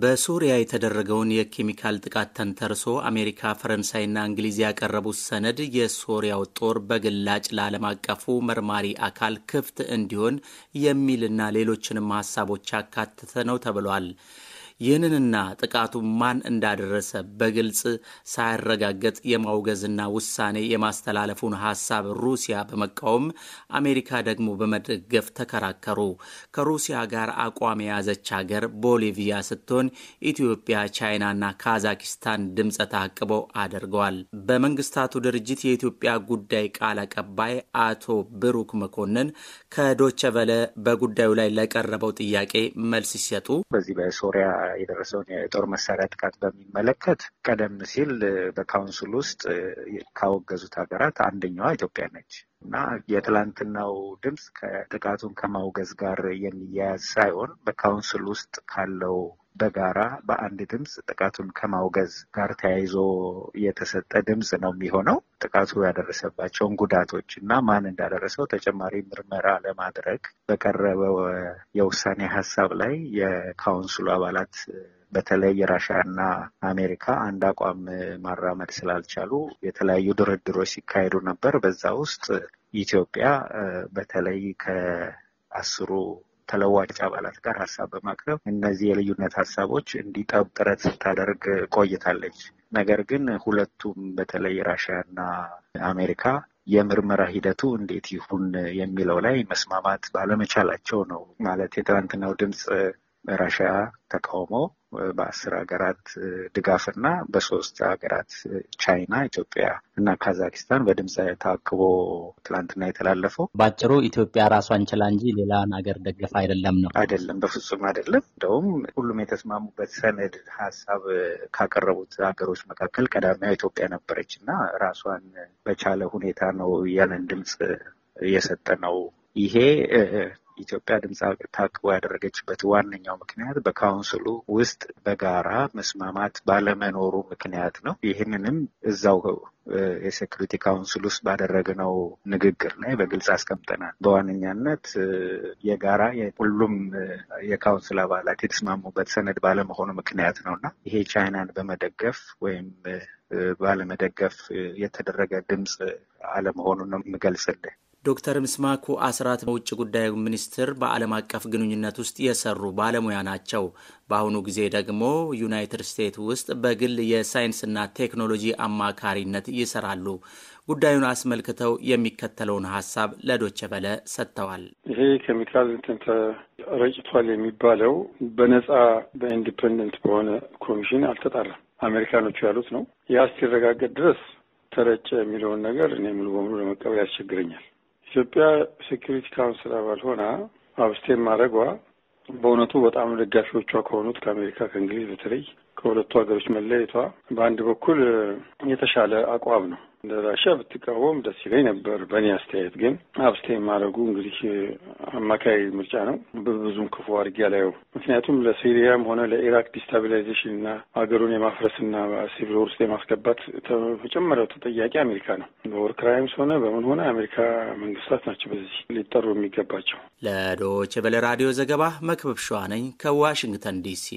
በሱሪያ የተደረገውን የኬሚካል ጥቃት ተንተርሶ አሜሪካ፣ ፈረንሳይና እንግሊዝ ያቀረቡት ሰነድ የሶሪያው ጦር በግላጭ ለዓለም አቀፉ መርማሪ አካል ክፍት እንዲሆን የሚልና ሌሎችንም ሀሳቦች ያካተተ ነው ተብሏል። ይህንንና ጥቃቱን ማን እንዳደረሰ በግልጽ ሳያረጋገጥ የማውገዝና ውሳኔ የማስተላለፉን ሐሳብ ሩሲያ በመቃወም አሜሪካ ደግሞ በመደገፍ ተከራከሩ። ከሩሲያ ጋር አቋም የያዘች ሀገር ቦሊቪያ ስትሆን ኢትዮጵያ፣ ቻይናና ካዛኪስታን ድምፀ ተአቅበው አድርገዋል። በመንግስታቱ ድርጅት የኢትዮጵያ ጉዳይ ቃል አቀባይ አቶ ብሩክ መኮንን ከዶቸ ቨለ በጉዳዩ ላይ ለቀረበው ጥያቄ መልስ ሲሰጡ በዚህ በሶሪያ የደረሰውን የጦር መሳሪያ ጥቃት በሚመለከት ቀደም ሲል በካውንስል ውስጥ ካወገዙት ሀገራት አንደኛዋ ኢትዮጵያ ነች እና የትላንትናው ድምፅ ከጥቃቱን ከማውገዝ ጋር የሚያያዝ ሳይሆን በካውንስል ውስጥ ካለው በጋራ በአንድ ድምፅ ጥቃቱን ከማውገዝ ጋር ተያይዞ የተሰጠ ድምፅ ነው የሚሆነው። ጥቃቱ ያደረሰባቸውን ጉዳቶች እና ማን እንዳደረሰው ተጨማሪ ምርመራ ለማድረግ በቀረበው የውሳኔ ሀሳብ ላይ የካውንስሉ አባላት በተለይ ራሽያና አሜሪካ አንድ አቋም ማራመድ ስላልቻሉ የተለያዩ ድርድሮች ሲካሄዱ ነበር። በዛ ውስጥ ኢትዮጵያ በተለይ ከአስሩ ተለዋጭ አባላት ጋር ሀሳብ በማቅረብ እነዚህ የልዩነት ሀሳቦች እንዲጠብ ጥረት ስታደርግ ቆይታለች። ነገር ግን ሁለቱም በተለይ ራሽያና አሜሪካ የምርመራ ሂደቱ እንዴት ይሁን የሚለው ላይ መስማማት ባለመቻላቸው ነው። ማለት የትናንትናው ድምፅ ራሽያ ተቃውሞ በአስር ሀገራት ድጋፍና በሶስት ሀገራት ቻይና፣ ኢትዮጵያ እና ካዛኪስታን በድምፅ ታክቦ ትላንትና የተላለፈው። በአጭሩ ኢትዮጵያ ራሷን ችላ እንጂ ሌላን ሀገር ደገፍ አይደለም ነው? አይደለም፣ በፍጹም አይደለም። እንደውም ሁሉም የተስማሙበት ሰነድ ሀሳብ ካቀረቡት ሀገሮች መካከል ቀዳሚዋ ኢትዮጵያ ነበረች እና ራሷን በቻለ ሁኔታ ነው ያንን ድምፅ የሰጠ ነው ይሄ ኢትዮጵያ ድምፅ ታቅቦ ያደረገችበት ዋነኛው ምክንያት በካውንስሉ ውስጥ በጋራ መስማማት ባለመኖሩ ምክንያት ነው። ይህንንም እዛው የሴኩሪቲ ካውንስል ውስጥ ባደረግነው ንግግር ላይ በግልጽ አስቀምጠናል። በዋነኛነት የጋራ ሁሉም የካውንስል አባላት የተስማሙበት ሰነድ ባለመሆኑ ምክንያት ነው እና ይሄ ቻይናን በመደገፍ ወይም ባለመደገፍ የተደረገ ድምፅ አለመሆኑ ነው የምገልጽልህ። ዶክተር ምስማኩ አስራት በውጭ ጉዳይ ሚኒስትር በዓለም አቀፍ ግንኙነት ውስጥ የሰሩ ባለሙያ ናቸው። በአሁኑ ጊዜ ደግሞ ዩናይትድ ስቴትስ ውስጥ በግል የሳይንስና ቴክኖሎጂ አማካሪነት ይሰራሉ። ጉዳዩን አስመልክተው የሚከተለውን ሀሳብ ለዶቸ በለ ሰጥተዋል። ይሄ ኬሚካል እንትን ተረጭቷል የሚባለው በነጻ በኢንዲፐንደንት በሆነ ኮሚሽን አልተጣራም። አሜሪካኖቹ ያሉት ነው። ያ እስኪረጋገጥ ድረስ ተረጨ የሚለውን ነገር እኔ ሙሉ በሙሉ ለመቀበል ያስቸግረኛል። ኢትዮጵያ ሴኪሪቲ ካውንስል አባል ሆና አብስቴን ማድረጓ በእውነቱ በጣም ደጋፊዎቿ ከሆኑት ከአሜሪካ፣ ከእንግሊዝ በተለይ ከሁለቱ ሀገሮች መለየቷ በአንድ በኩል የተሻለ አቋም ነው። እንደ ራሽያ ብትቃወም ደስ ይለኝ ነበር። በእኔ አስተያየት ግን አብስቴን ማድረጉ እንግዲህ አማካይ ምርጫ ነው። በብዙም ክፉ አድርጌ አላየው። ምክንያቱም ለሲሪያም ሆነ ለኢራቅ ዲስታቢላይዜሽን እና ሀገሩን የማፍረስና ሲቪል ወር ውስጥ የማስገባት ተጨመረው ተጠያቂ አሜሪካ ነው። በወር ክራይምስ ሆነ በምን ሆነ አሜሪካ መንግስታት ናቸው በዚህ ሊጠሩ የሚገባቸው። ለዶይቼ ቬለ ራዲዮ ዘገባ መክበብ ሸዋነኝ ከዋሽንግተን ዲሲ